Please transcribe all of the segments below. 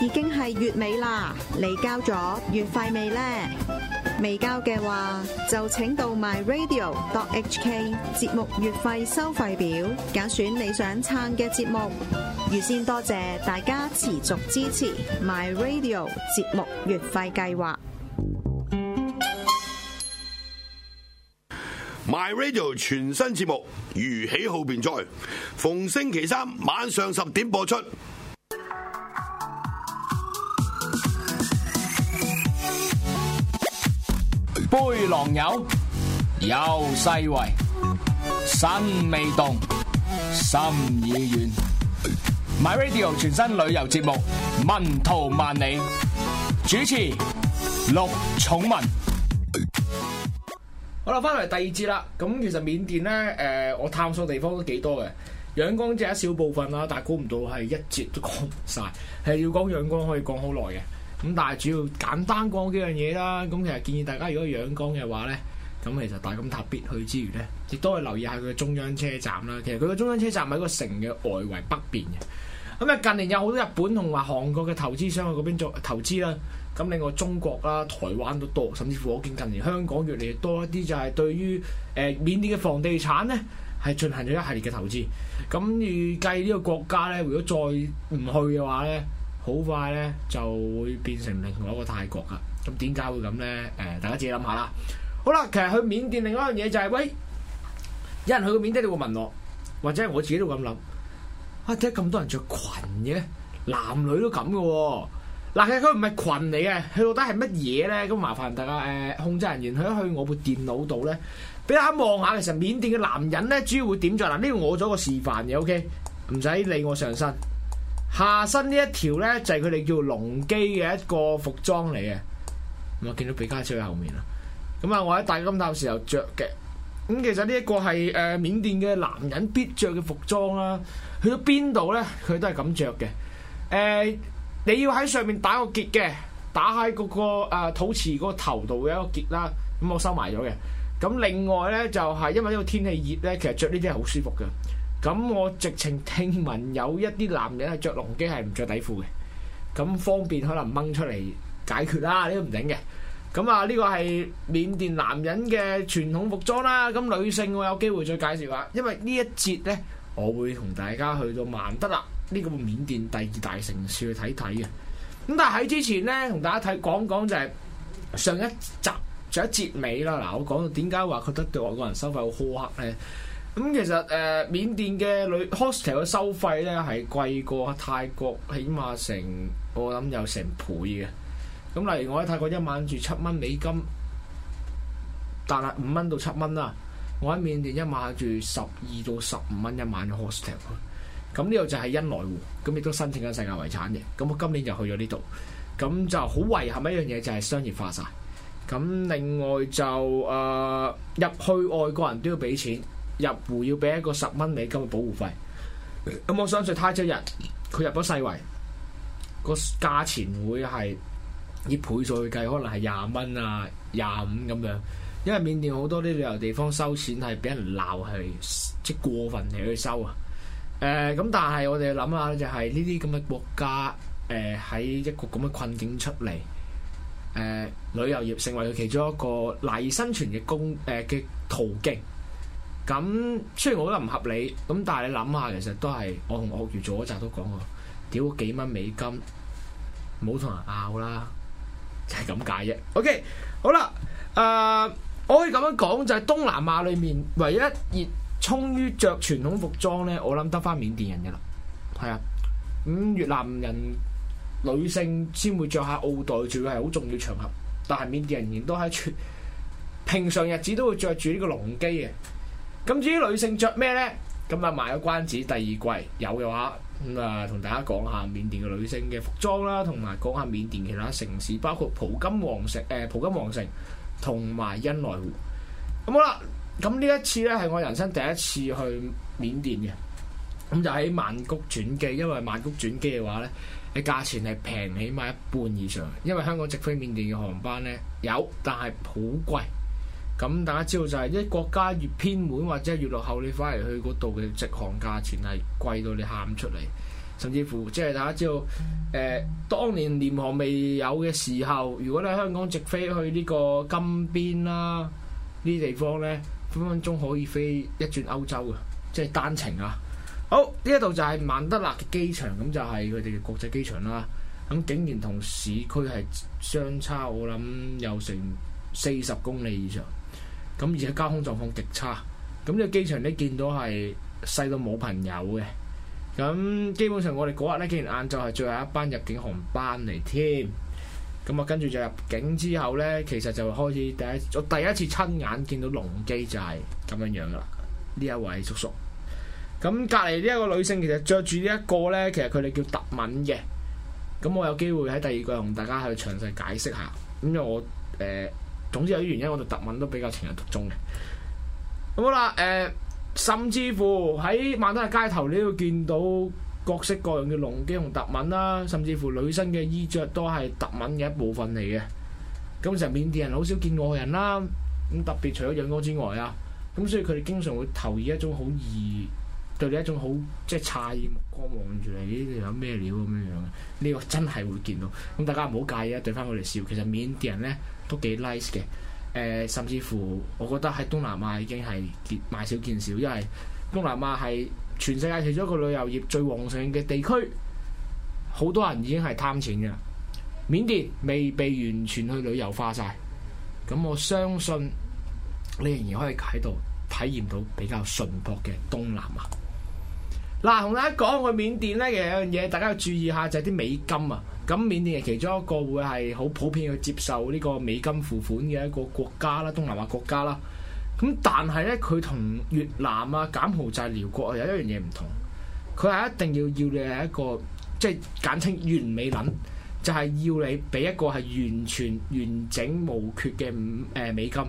已經係月尾啦，你交咗月費未呢？未交嘅話，就請到 myradio.hk 節目月費收費表，揀選你想撐嘅節目。預先多謝大家持續支持 myradio 節目月費計劃。myradio 全新節目如喜好便在，逢星期三晚上十點播出。杯狼友，右世衛，身未動，心已遠。MyRadio 全新旅遊節目《文圖萬里》，主持陸寵文。好啦，翻嚟第二節啦。咁其實緬甸咧，誒，我探索地方都幾多嘅，仰光只係一小部分啦。但係估唔到係一節都講唔晒，係要講仰光可以講好耐嘅。咁但係主要簡單講幾樣嘢啦，咁其實建議大家如果仰光嘅話咧，咁其實大金塔必去之餘咧，亦都係留意下佢嘅中央車站啦。其實佢嘅中央車站喺個城嘅外圍北邊嘅。咁啊近年有好多日本同埋韓國嘅投資商去嗰邊做投資啦。咁另外中國啦、台灣都多，甚至乎我見近年香港越嚟越多一啲就係、是、對於誒、呃、緬甸嘅房地產咧係進行咗一系列嘅投資。咁預計呢個國家咧，如果再唔去嘅話咧，好快咧，就會變成另外一個泰國啊！咁點解會咁咧？誒、呃，大家自己諗下啦。好啦，其實去緬甸另外一樣嘢就係、是，喂，有人去過緬甸，你會問我，或者我自己都咁諗。哇、啊，點解咁多人着裙嘅？男女都咁噶、哦？嗱，其實佢佢唔係裙嚟嘅，去到底係乜嘢咧？咁麻煩大家，誒、呃，控制人員去一去我部電腦度咧，俾大家望下。其實緬甸嘅男人咧，主要會點着？嗱，呢個我做一個示範嘅，OK，唔使理我上身。下身一條呢一條咧就係佢哋叫龍基嘅一個服裝嚟嘅，咁啊見到比嘉翠喺後面啦，咁啊我喺大金塔時候着嘅，咁、嗯、其實呢一個係誒緬甸嘅男人必着嘅服裝啦，去到邊度咧佢都係咁着嘅，誒、呃、你要喺上面打個結嘅，打喺嗰個誒肚臍嗰個頭度嘅一個結啦，咁、那個呃、我收埋咗嘅，咁另外咧就係、是、因為呢個天氣熱咧，其實着呢啲係好舒服嘅。咁我直情聽聞有一啲男人係著龍機係唔著底褲嘅，咁方便可能掹出嚟解決啦，呢個唔整嘅。咁啊，呢個係緬甸男人嘅傳統服裝啦。咁女性我有機會再介紹下，因為呢一節咧，我會同大家去到曼德勒呢個緬甸第二大城市去睇睇嘅。咁但係喺之前咧，同大家睇講講就係上一集仲一節尾啦。嗱，我講到點解話覺得對外國人收費好苛刻咧？咁其實誒，呃，緬甸嘅旅 hostel 嘅收費咧係貴過泰國，起碼成我諗有成倍嘅。咁例如我喺泰國一晚住七蚊美金，但係五蚊到七蚊啦。我喺緬甸一晚住十二到十五蚊一晚嘅 hostel。咁呢度就係恩來湖，咁亦都申請緊世界遺產嘅。咁我今年就去咗呢度，咁就好遺憾一樣嘢就係商業化晒。咁另外就誒，呃，入去外國人都要俾錢。入戶要俾一個十蚊美金嘅保護費，咁我相信他一日，佢入咗世圍，個價錢會係以倍數去計，可能係廿蚊啊、廿五咁樣。因為緬甸好多啲旅遊地方收錢係俾人鬧係即過分嚟去收啊。誒、呃、咁，但係我哋諗下就係呢啲咁嘅國家誒喺、呃、一個咁嘅困境出嚟，誒、呃、旅遊業成為佢其中一個賴以生存嘅工誒嘅、呃、途徑。咁雖然我都覺得唔合理，咁但係你諗下，其實都係我同鱷魚做嗰集都講過，屌幾蚊美金，唔好同人拗啦，就係咁解啫。OK，好啦，誒、呃、我可以咁樣講，就係、是、東南亞裡面唯一熱衷於着傳統服裝咧，我諗得翻緬甸人嘅啦，係啊，咁越南人女性先會着下奧黛，主要係好重要場合，但係緬甸人仍然都喺平常日子都會着住呢個龍基嘅。咁至於女性着咩呢？咁啊，賣個關子。第二季有嘅話，咁、嗯、啊，同大家講下緬甸嘅女性嘅服裝啦，同埋講下緬甸其他城市，包括蒲金皇城、誒、呃、蒲金皇城同埋茵萊湖。咁、嗯、好啦，咁呢一次呢係我人生第一次去緬甸嘅。咁、嗯、就喺曼谷轉機，因為曼谷轉機嘅話呢，嘅價錢係平起碼一半以上。因為香港直飛緬甸嘅航班呢，有，但係好貴。咁、嗯、大家知道就係一國家越偏門或者越落後，你翻嚟去嗰度嘅直航價錢係貴到你喊出嚟，甚至乎即係大家知道，誒、呃、當年廉航未有嘅時候，如果你喺香港直飛去呢個金邊啦、啊，呢啲地方咧，分分鐘可以飛一轉歐洲嘅，即係單程啊！好，呢一度就係曼德勒嘅機場，咁就係佢哋嘅國際機場啦。咁竟然同市區係相差，我諗有成四十公里以上。咁而且交通狀況極差，咁呢個機場你見到係細到冇朋友嘅，咁基本上我哋嗰日咧，竟然晏晝係最後一班入境航班嚟添，咁啊跟住就入境之後咧，其實就開始第一，我第一次親眼見到籠基就係咁樣樣噶啦，呢一位叔叔，咁隔離呢一個女性其實着住呢一個咧，其實佢哋叫特敏嘅，咁我有機會喺第二個同大家去詳細解釋下，咁因為我誒。呃總之有啲原因，我哋特文都比較情有獨鍾嘅。好啦，誒、呃，甚至乎喺曼德勒嘅街頭，你都會見到各式各樣嘅籠基同特文啦，甚至乎女生嘅衣着都係特文嘅一部分嚟嘅。咁成日緬甸人好少見外人啦，咁特別除咗仰光之外啊，咁所以佢哋經常會投以一種好異對你一種好即係詫異目光望住你，呢度有咩料咁樣樣嘅？呢、這個真係會見到。咁大家唔好介意啊，對翻我哋笑。其實緬甸人咧都幾 nice 嘅。誒、呃，甚至乎我覺得喺東南亞已經係見買少見少，因為東南亞係全世界除咗一個旅遊業最旺盛嘅地區。好多人已經係貪錢㗎。緬甸未被完全去旅遊化晒，咁我相信你仍然可以喺度體驗到比較淳樸嘅東南亞。嗱，同大家講個緬甸咧，其實有樣嘢大家要注意下，就係、是、啲美金啊。咁緬甸係其中一個會係好普遍去接受呢個美金付款嘅一個國家啦，東南亞國家啦。咁但係咧，佢同越南啊、柬埔寨、寮，寮國係有一樣嘢唔同，佢係一定要要你係一個即係、就是、簡稱完美揀，就係、是、要你俾一個係完全完整無缺嘅誒美金，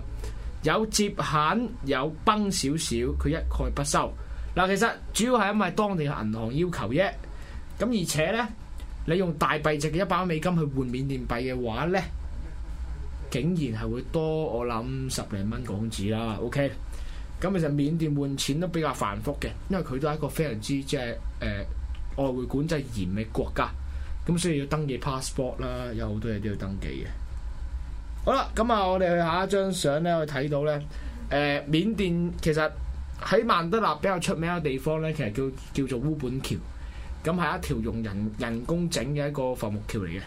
有折痕有崩少少，佢一概不收。嗱，其實主要係因為當地嘅銀行要求啫。咁而且咧，你用大幣值嘅一百蚊美金去換緬甸幣嘅話咧，竟然係會多我諗十零蚊港紙啦。OK，咁其實緬甸換錢都比較繁複嘅，因為佢都係一個非常之即係誒外匯管制嚴嘅國家，咁所以要登記 passport 啦，有好多嘢都要登記嘅。好啦，咁啊，我哋去下一張相咧，去睇到咧，誒，緬甸其實。喺曼德納比較出名嘅地方呢，其實叫叫做烏本橋，咁，係一條用人人工整嘅一個浮木橋嚟嘅。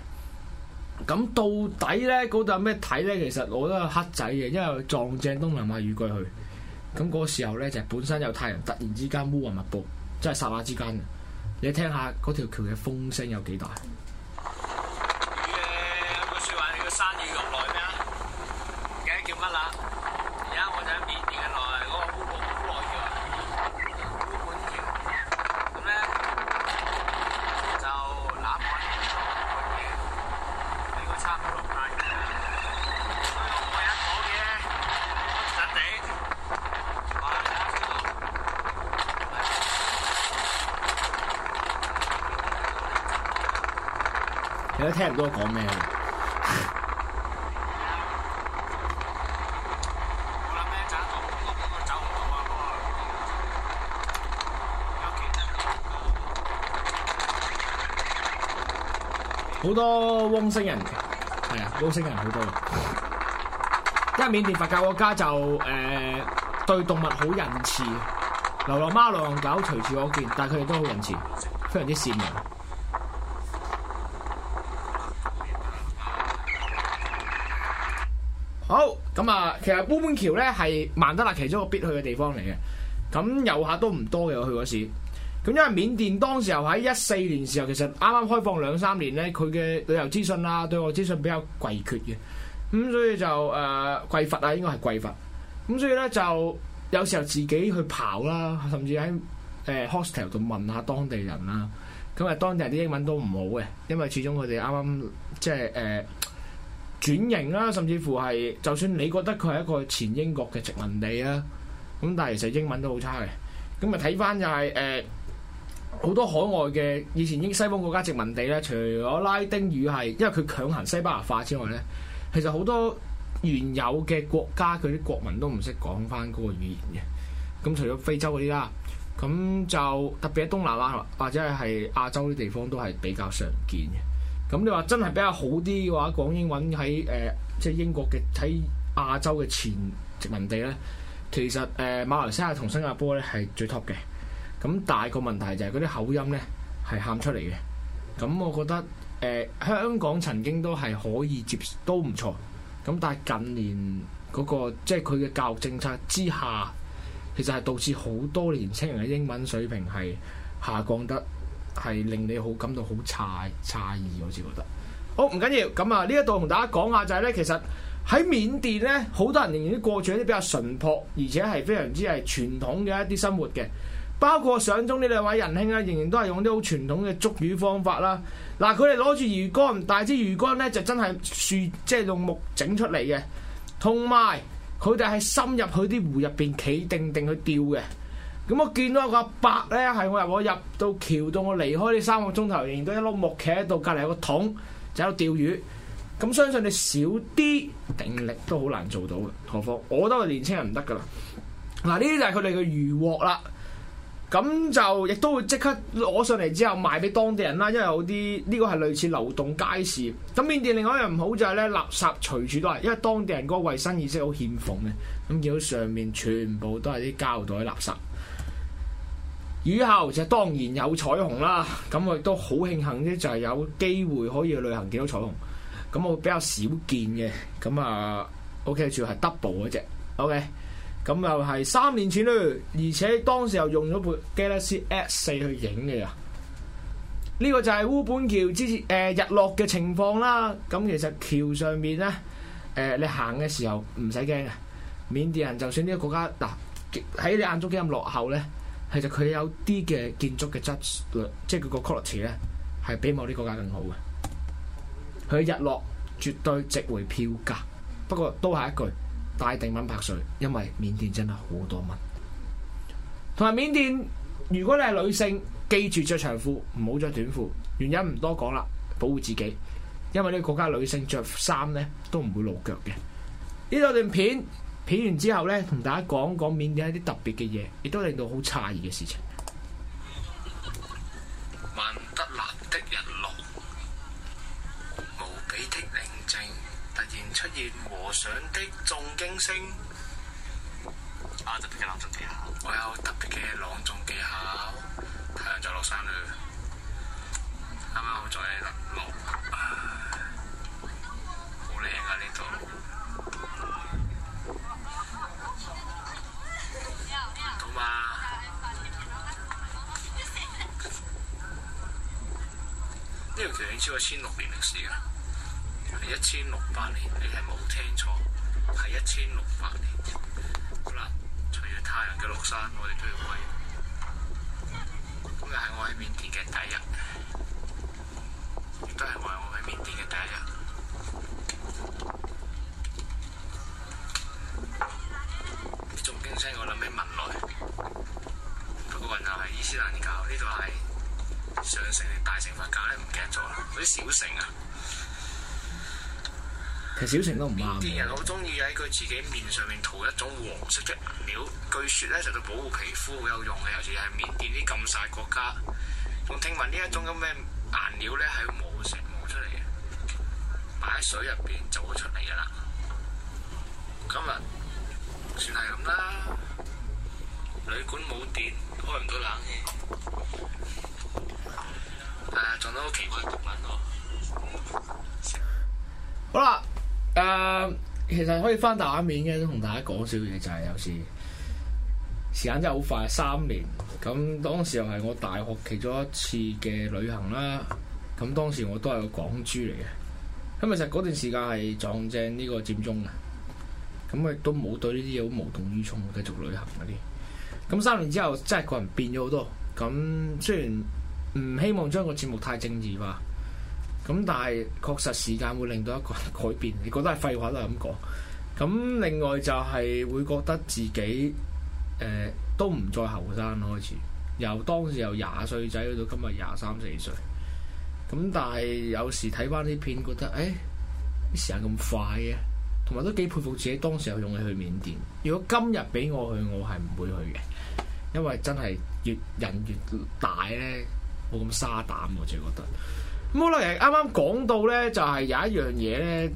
咁到底呢，嗰度有咩睇呢？其實我都有黑仔嘅，因為撞正東南亞雨季去。咁嗰時候呢，就係、本身有太陽，突然之間烏雲密佈，真係剎那之間。你聽下嗰條橋嘅風聲有幾大？你聽唔到我講咩？好多汪星人嘅，係啊，汪星人好多人。因為緬甸佛教國家就誒、呃、對動物好仁慈，流浪貓、流浪狗隨處可見，但係佢哋都好仁慈，非常之善良。咁啊、嗯，其實烏本橋咧係曼德勒其中一個必去嘅地方嚟嘅，咁、嗯、遊客都唔多嘅。我去嗰時，咁、嗯、因為緬甸當時候喺一四年時候，其實啱啱開放兩三年咧，佢嘅旅遊資訊啊，對外資訊比較匱缺嘅，咁、嗯、所以就誒、呃、匱乏啊，應該係匱乏。咁、嗯、所以咧就有時候自己去跑啦，甚至喺誒、呃、hostel 度問，問下當地人啦。咁、嗯、啊，當地人啲英文都唔好嘅，因為始終佢哋啱啱即係誒。呃轉型啦，甚至乎係就算你覺得佢係一個前英國嘅殖民地啦，咁但係其實英文都好差嘅。咁咪睇翻就係誒好多海外嘅以前英西方國家殖民地咧，除咗拉丁語係因為佢強行西班牙化之外咧，其實好多原有嘅國家佢啲國民都唔識講翻嗰個語言嘅。咁除咗非洲嗰啲啦，咁就特別喺東南亞或者係亞洲啲地方都係比較常見嘅。咁、嗯、你話真係比較好啲嘅話，講英文喺誒、呃，即係英國嘅喺亞洲嘅前殖民地咧，其實誒、呃、馬來西亞同新加坡咧係最 top 嘅。咁大個問題就係嗰啲口音咧係喊出嚟嘅。咁、嗯、我覺得誒、呃、香港曾經都係可以接都唔錯。咁但係近年嗰、那個即係佢嘅教育政策之下，其實係導致好多年青人嘅英文水平係下降得。係令你好感到好差差異，我至覺得。好唔緊要，咁啊呢一度同大家講下就係呢。其實喺緬甸呢，好多人仍然都過住一啲比較淳樸，而且係非常之係傳統嘅一啲生活嘅。包括相中呢兩位仁兄啊，仍然都係用啲好傳統嘅捉魚方法啦。嗱，佢哋攞住魚竿，但係支魚竿呢，就真係樹，即係用木整出嚟嘅。同埋佢哋係深入去啲湖入邊企定定去釣嘅。咁我見到個阿伯咧，係我入我入到橋到我離開呢三個鐘頭，仍然都一碌木企喺度，隔離有個桶就喺度釣魚。咁相信你少啲定力都好難做到嘅。何況，我都係年青人唔得噶啦。嗱，呢啲就係佢哋嘅漁獲啦。咁就亦都會即刻攞上嚟之後賣俾當地人啦。因為有啲呢、呢個係類似流動街市。咁，緬甸另外一樣唔好就係咧，垃圾隨處都係，因為當地人嗰個衞生意識好欠奉嘅。咁見到上面全部都係啲膠袋垃圾。雨後就當然有彩虹啦，咁我亦都好慶幸啫，就係、是、有機會可以去旅行見到彩虹，咁我比較少見嘅，咁、嗯、啊，OK，主要係 double 嗰隻，OK，咁又係三年前啦，而且當時又用咗部 Galaxy S 四去影嘅，呢、這個就係烏本橋之前誒日落嘅情況啦，咁、嗯、其實橋上面咧，誒、呃、你行嘅時候唔使驚嘅，緬甸人就算呢個國家嗱喺、啊、你眼中幾咁落後咧。其實佢有啲嘅建築嘅質量，即係佢個 quality 咧，係比某啲國家更好嘅。佢日落絕對值回票價，不過都係一句帶定蚊怕水，因為緬甸真係好多蚊。同埋緬甸，如果你係女性，記住着長褲，唔好着短褲。原因唔多講啦，保護自己，因為呢個國家女性着衫咧都唔會露腳嘅。呢度段片。片完之後呢，同大家講講緬甸一啲特別嘅嘢，亦都令到好詫異嘅事情。曼德勒的日落，無比的寧靜，突然出現和尚的誦經聲。啊！特別嘅朗誦技巧，我有特別嘅朗誦技巧，向著落山了。你超過千六年歷史啦，係一千六百年，你係冇聽錯，係一千六百年。好啦，除咗太陽嘅落山，我哋都要歸。今日係我喺緬甸嘅第一日，亦都係我喺緬甸嘅第一日。你仲驚聲，我諗起文萊，不過雲南係伊斯蘭教，呢度係上城嘅大城鎮。小城啊，其實小城都唔啱。緬甸人好中意喺佢自己面上面塗一種黃色嘅顏料，據説咧就對、是、保護皮膚好有用嘅。尤其係喺緬甸啲咁曬國家，仲聽聞呢一種咁嘅顏料咧係冇成磨出嚟嘅，擺喺水入邊就會出嚟噶啦。今日算係咁啦，旅館冇電，開唔到冷氣。誒撞、啊、到奇怪嘅物品喎！好啦，誒、呃、其實可以翻大畫面嘅，同大家講少嘢就係有時時間真係好快，三年咁，當時又係我大學其中一次嘅旅行啦。咁當時我都係個港豬嚟嘅，咁其實嗰段時間係撞正呢個佔中嘅。咁亦都冇對呢啲嘢好無動於衷，繼續旅行嗰啲。咁三年之後真係個人變咗好多。咁雖然～唔希望將個節目太正義化咁，但係確實時間會令到一個人改變。你覺得係廢話都係咁講。咁另外就係會覺得自己、呃、都唔再後生。開始由當時由廿歲仔去到今日廿三四歲咁，但係有時睇翻啲片，覺得誒啲、欸、時間咁快嘅、啊，同埋都幾佩服自己當時有勇氣去緬甸。如果今日俾我去，我係唔會去嘅，因為真係越人越大呢。冇咁沙膽喎，最覺得。好啦，啱啱講到咧，就係有一樣嘢咧，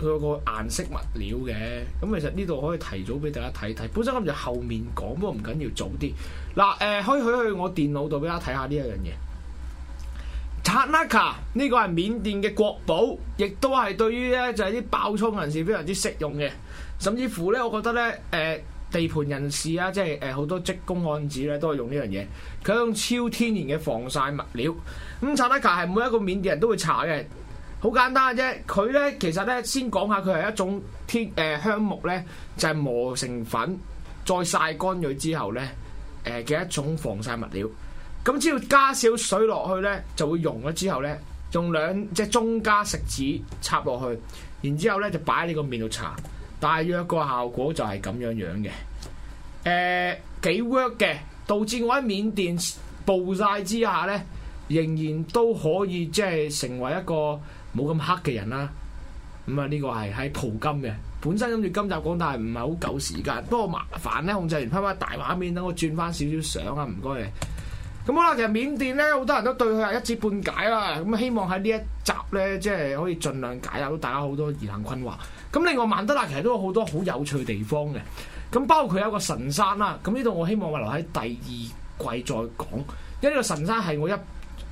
佢有個顏色物料嘅。咁其實呢度可以提早俾大家睇睇。本身諗住後面講，不過唔緊要，早啲。嗱，誒，可以去去我電腦度俾大家睇下呢一樣嘢。Thanaka 呢個係緬甸嘅國寶，亦都係對於咧就係啲爆衝人士非常之適用嘅。甚至乎咧，我覺得咧，誒、呃。地盤人士啊，即係誒好多職工案子咧，都係用呢樣嘢。佢用超天然嘅防曬物料。咁查得卡係每一個緬甸人都會搽嘅，好簡單嘅啫。佢咧其實咧先講下，佢係一種天誒、呃、香木咧，就係、係、磨成粉，再曬乾咗之後咧誒嘅一種防曬物料。咁只要加少水落去咧，就會溶咗之後咧，用兩隻中加食指插落去，然之後咧就擺喺你個面度搽。大約個效果就係咁樣樣嘅，誒、呃、幾 work 嘅，導致我喺緬甸暴曬之下咧，仍然都可以即係成為一個冇咁黑嘅人啦。咁、嗯、啊，呢、這個係喺蒲金嘅，本身諗住今集講，但係唔係好夠時間。不過麻煩咧，控制完翻翻大畫面，等我轉翻少少相啊，唔該你。咁啦、嗯，其實緬甸咧好多人都對佢係一知半解啦、啊。咁、嗯、希望喺呢一集咧，即係可以盡量解答到大家好多疑難困惑。咁另外曼德勒其實都有好多好有趣地方嘅。咁、嗯、包括佢有個神山啦。咁呢度我希望話留喺第二季再講，因為呢個神山係我一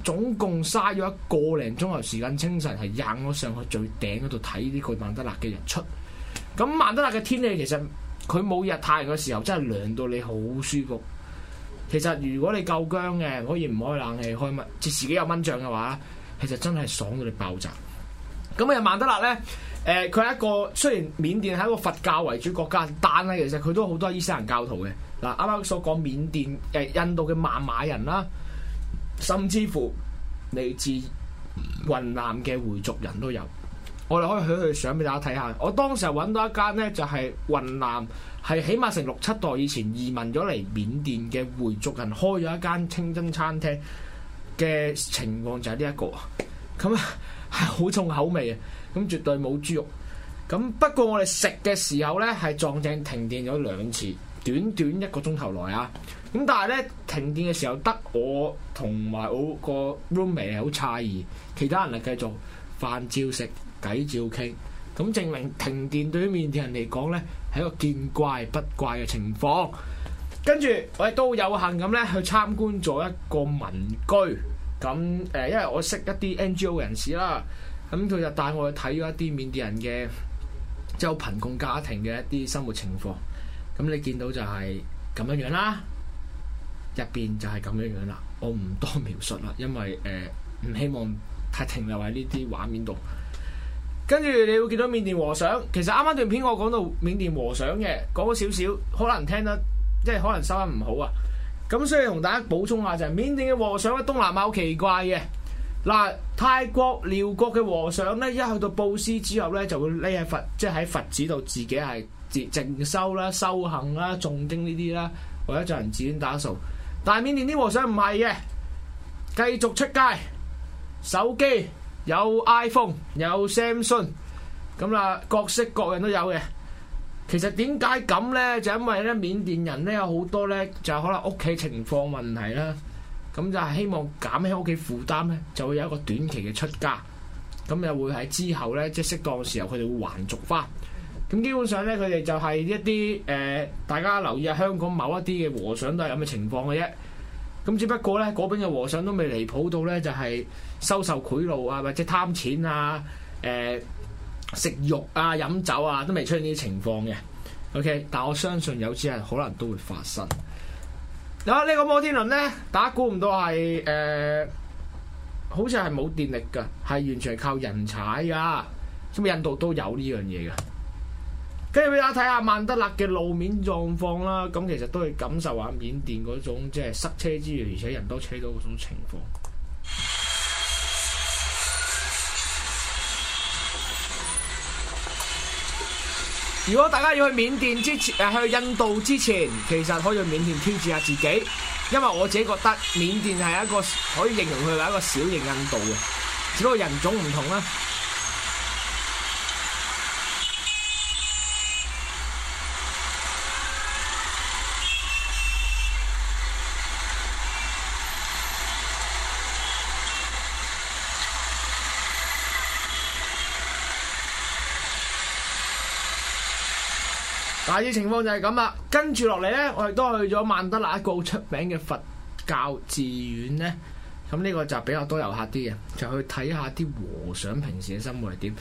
總共嘥咗一個零鐘頭時間，清晨係行咗上去最頂嗰度睇呢個曼德勒嘅日出。咁、嗯、曼德勒嘅天氣其實佢冇日太陽嘅時候真係涼到你好舒服。其實如果你夠薑嘅，可以唔開冷氣，開即自己有蚊帳嘅話，其實真係爽到你爆炸。咁、嗯、啊，曼德勒拉咧，誒、呃，佢係一個雖然緬甸係一個佛教為主國家，但係其實佢都好多伊斯蘭教徒嘅。嗱，啱啱所講緬甸、誒、呃、印度嘅孟買人啦，甚至乎嚟自雲南嘅回族人都有。我哋可以去去上俾大家睇下。我當時又揾到一間呢，就係雲南係起碼成六七代以前移民咗嚟緬甸嘅回族人開咗一間清真餐廳嘅情況就、這個，就係呢一個咁。啊，係好重口味啊。咁絕對冇豬肉咁。不過我哋食嘅時候呢，係撞正停電咗兩次，短短一個鐘頭內啊。咁但係呢，停電嘅時候我我，得我同埋我個 roommate 係好詫異，其他人係繼續飯照食。偈照傾，咁證明停電對於緬甸人嚟講呢係一個見怪不怪嘅情況。跟住，我哋都有幸咁呢去參觀咗一個民居。咁誒、呃，因為我識一啲 NGO 人士啦，咁佢就帶我去睇咗一啲緬甸人嘅即係好貧窮家庭嘅一啲生活情況。咁你見到就係咁樣、啊、樣啦，入邊就係咁樣樣啦。我唔多描述啦，因為誒唔、呃、希望太停留喺呢啲畫面度。跟住你會見到緬甸和尚，其實啱啱段片段我講到緬甸和尚嘅講咗少少，可能聽得即係可能收音唔好啊。咁所以同大家補充下就係、是、緬甸嘅和尚喺東南亞好奇怪嘅嗱，泰國、寮國嘅和尚咧一去到布施之後咧，就會匿喺佛即係喺佛寺度自己係自靜修啦、修行啦、誦經呢啲啦，或者進行自願打掃。但係緬甸啲和尚唔係嘅，繼續出街手機。有 iPhone，有 Samsung，咁啦，各色各人都有嘅。其實點解咁呢？就因為咧，緬甸人咧有好多呢，就可能屋企情況問題啦。咁就係希望減輕屋企負擔呢，就會有一個短期嘅出家。咁又會喺之後呢，即係適當時候，佢哋會還俗翻。咁基本上呢，佢哋就係一啲誒、呃，大家留意下香港某一啲嘅和尚都係咁嘅情況嘅啫。咁只不過咧，嗰邊嘅和尚都未離譜到咧，就係收受賄賂啊，或者貪錢啊，誒食肉啊、飲酒啊，都未出現呢啲情況嘅。OK，但我相信有啲人可能都會發生。啊，呢個摩天輪咧，大家估唔到係誒，好似係冇電力㗎，係完全係靠人踩㗎。咁印度都有呢樣嘢嘅。跟住我睇下曼德勒嘅路面狀況啦，咁其實都係感受下緬甸嗰種即係塞車之餘，而且人多車多嗰種情況。如果大家要去緬甸之前，誒去印度之前，其實可以去緬甸挑戰下自己，因為我自己覺得緬甸係一個可以形容佢係一個小型印度嘅，只不過人種唔同啦。大啲情況就係咁啦，跟住落嚟呢，我哋都去咗曼德勒一個好出名嘅佛教寺院呢，咁呢個就比較多遊客啲嘅，就去睇下啲和尚平時嘅生活係點。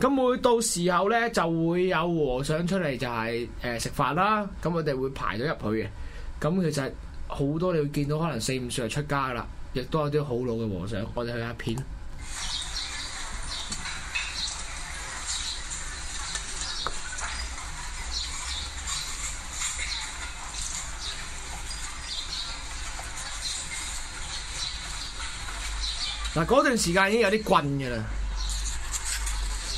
咁每到時候呢，就會有和尚出嚟、就是，就係誒食飯啦。咁我哋會排咗入去嘅。咁其實好多你會見到，可能四五歲就出家啦，亦都有啲好老嘅和尚。我哋去下片。嗱，嗰段時間已經有啲棍㗎啦，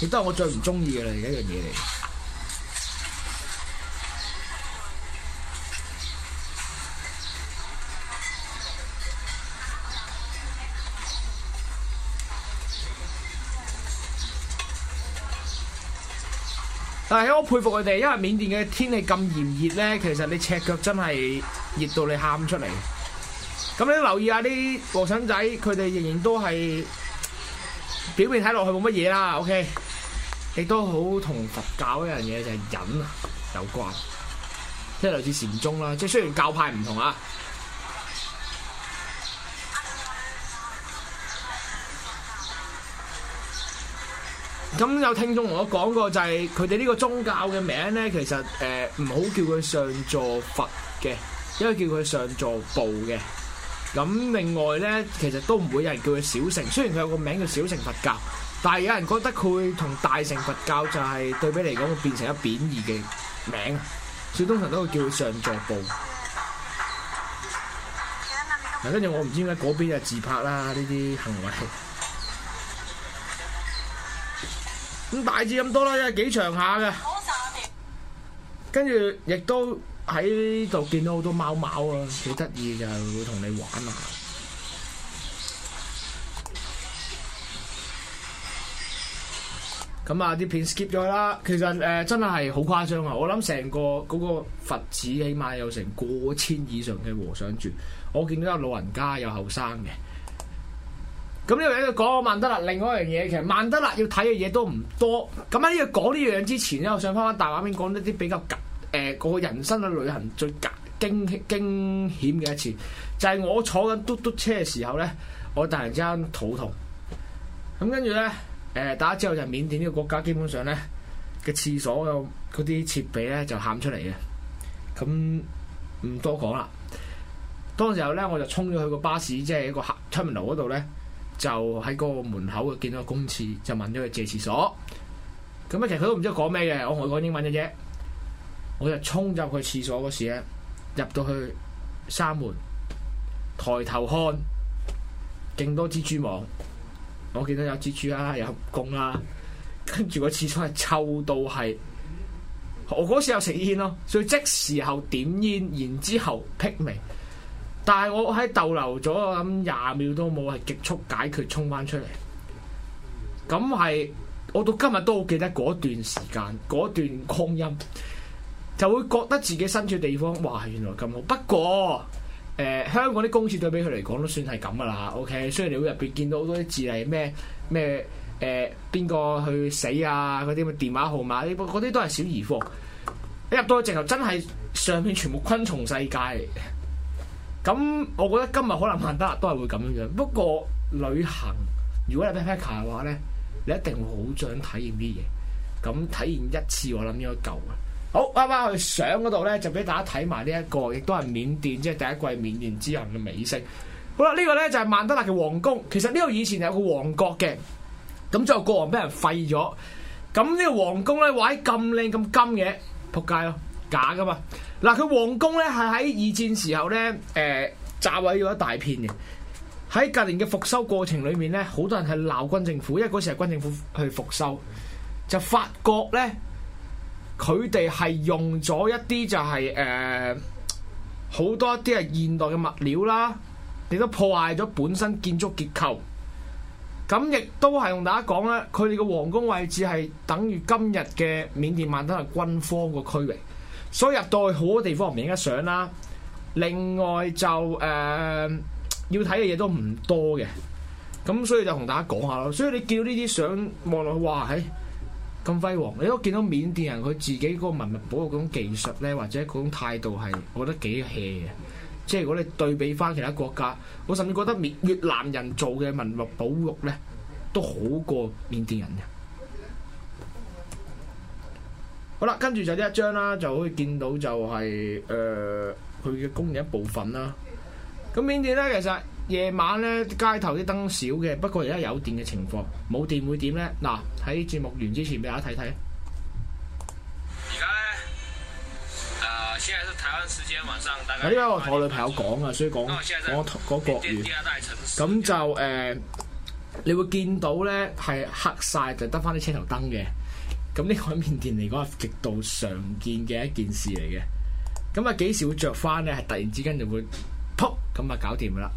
亦都係我最唔中意嘅啦，而家一樣嘢嚟。但係我佩服佢哋，因為緬甸嘅天氣咁炎熱咧，其實你赤腳真係熱到你喊出嚟。咁你都留意下啲和尚仔，佢哋仍然都係表面睇落去冇乜嘢啦。OK，亦都好同佛教一樣嘢，就係、是、忍有關，即係類似禪宗啦。即係雖然教派唔同啊。咁 有聽眾同我講過、就是，就係佢哋呢個宗教嘅名咧，其實誒唔好叫佢上座佛嘅，應該叫佢上座部嘅。咁另外咧，其實都唔會有人叫佢小乘，雖然佢有個名叫小乘佛教，但係有人覺得佢同大乘佛教就係對比嚟講變成一貶義嘅名，所以通常都會叫佢上座部。嗱，跟住我唔知點解嗰邊就自拍啦呢啲行為。咁大致咁多啦，因為幾長下㗎？跟住亦都。喺度見到好多貓貓啊，幾得意就會同你玩啊！咁啊，啲片 skip 咗啦。其實誒、呃，真係好誇張啊！我諗成個嗰個佛寺，起碼有成過千以上嘅和尚住。我見到有老人家，有後生嘅。咁呢度喺度講曼德勒，另外一樣嘢其實曼德勒要睇嘅嘢都唔多。咁喺呢度講呢樣之前咧，我想翻翻大畫面講一啲比較緊。誒、呃，個人生嘅旅行最驚驚險嘅一次，就係、是、我坐緊嘟嘟車嘅時候咧，我突然之間肚痛，咁跟住咧，誒、呃、打之後就係緬甸呢個國家基本上咧嘅廁所有嗰啲設備咧就喊出嚟嘅，咁唔多講啦。當時候咧，我就衝咗去個巴士，即係一個 terminal 嗰度咧，就喺個門口見到個公廁，就問咗佢借廁所。咁啊，其實佢都唔知講咩嘅，我同佢講英文嘅啫。我就衝入去廁所嗰時咧，入到去閂門，抬頭看，勁多蜘蛛網。我見到有蜘蛛啦、啊，有蜈蚣啦。跟住個廁所係臭到係，我嗰時又食煙咯，所以即時候點煙，然之後辟味。但係我喺逗留咗咁廿秒都冇，係極速解決沖，衝翻出嚟。咁係，我到今日都好記得嗰段時間，嗰段光陰。就會覺得自己身處地方，哇！原來咁好。不過，誒、呃、香港啲公廁對比佢嚟講都算係咁噶啦。OK，雖然你會入邊見到好多啲字嚟咩咩誒邊個去死啊，嗰啲咩電話號碼嗰啲都係小兒科。一入到去直頭真係上面全部昆蟲世界。咁 我覺得今日可能曼德勒都係會咁樣樣。不過旅行，如果你係 packer 嘅話咧，你一定會好想體驗啲嘢。咁體驗一次，我諗應該夠啊。好，啱啱去上嗰度咧，就俾大家睇埋呢一個，亦都係緬甸即係第一季緬甸之行嘅美食。好啦，這個、呢個咧就係、是、曼德勒嘅皇宮。其實呢個以前係個王國嘅，咁最後國王俾人廢咗。咁呢個皇宮咧，話係咁靚咁金嘅，仆街咯，假噶嘛。嗱，佢皇宮咧係喺二戰時候咧，誒、呃、炸毀咗一大片嘅。喺近年嘅復修過程裏面咧，好多人係鬧軍政府，因為嗰時係軍政府去復修，就發覺咧。佢哋係用咗一啲就係誒，好多一啲啊，現代嘅物料啦，亦都破壞咗本身建築結構。咁亦都係同大家講啦，佢哋嘅皇宮位置係等於今日嘅緬甸曼德勒軍方個區域，所以入、啊、到去好多地方唔影得相啦。另外就誒、呃、要睇嘅嘢都唔多嘅，咁所以就同大家講下咯。所以你見到呢啲相望落去，哇！喺、哎、～咁輝煌，你都見到緬甸人佢自己嗰個文物保育嗰種技術咧，或者嗰種態度係，我覺得幾 hea 嘅。即係如果你對比翻其他國家，我甚至覺得緬越，越南人做嘅文物保育咧，都好過緬甸人嘅。好啦，跟住就呢一張啦，就可以見到就係誒佢嘅公園一部分啦。咁緬甸咧，其實～夜晚咧，街頭啲燈少嘅。不過而家有電嘅情況，冇電會點咧？嗱，喺節目完之前俾大家睇睇。而家咧，啊、呃，現在是台灣時間晚上。因為我同我女朋友講啊，所以講我講國語。咁就誒、呃，你會見到咧係黑晒就得翻啲車頭燈嘅。咁呢個喺緬甸嚟講係極度常見嘅一件事嚟嘅。咁啊幾時會着翻咧？係突然之間就會撲咁啊，搞掂噶啦。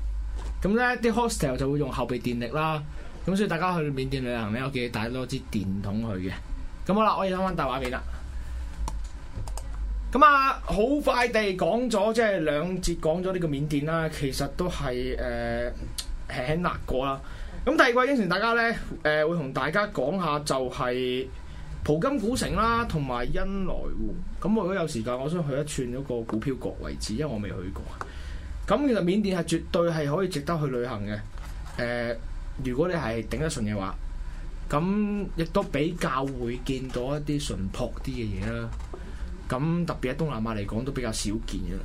咁咧，啲 hostel 就會用後備電力啦。咁所以大家去緬甸旅行咧，我記得帶多支電筒去嘅。咁好啦，我而家翻大畫面啦。咁啊，好快地講咗，即係兩節講咗呢個緬甸啦，其實都係誒輕輕略過啦。咁第二個應承大家咧，誒、呃、會同大家講下就係蒲甘古城啦，同埋茵萊湖。咁我如果有時間，我想去一串嗰個股票國位置，因為我未去過。咁其實緬甸係絕對係可以值得去旅行嘅，誒、呃，如果你係頂得順嘅話，咁、嗯、亦都比較會見到一啲淳樸啲嘅嘢啦。咁、嗯、特別喺東南亞嚟講都比較少見嘅，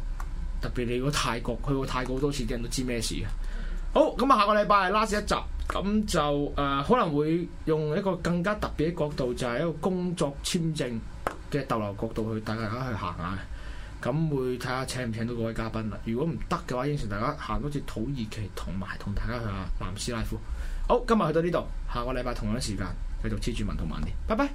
特別你如果泰國去過泰國好多次，啲人都知咩事嘅。好，咁、嗯、啊下個禮拜係 last 一集，咁、嗯、就誒、呃、可能會用一個更加特別嘅角度，就係、是、一個工作簽證嘅逗留角度去帶大家去行下。咁會睇下請唔請到各位嘉賓啦。如果唔得嘅話，應承大家行多次土耳其同埋同大家去下南斯拉夫。好，今日去到呢度，下個禮拜同樣時間繼續黐住文圖萬里。拜拜。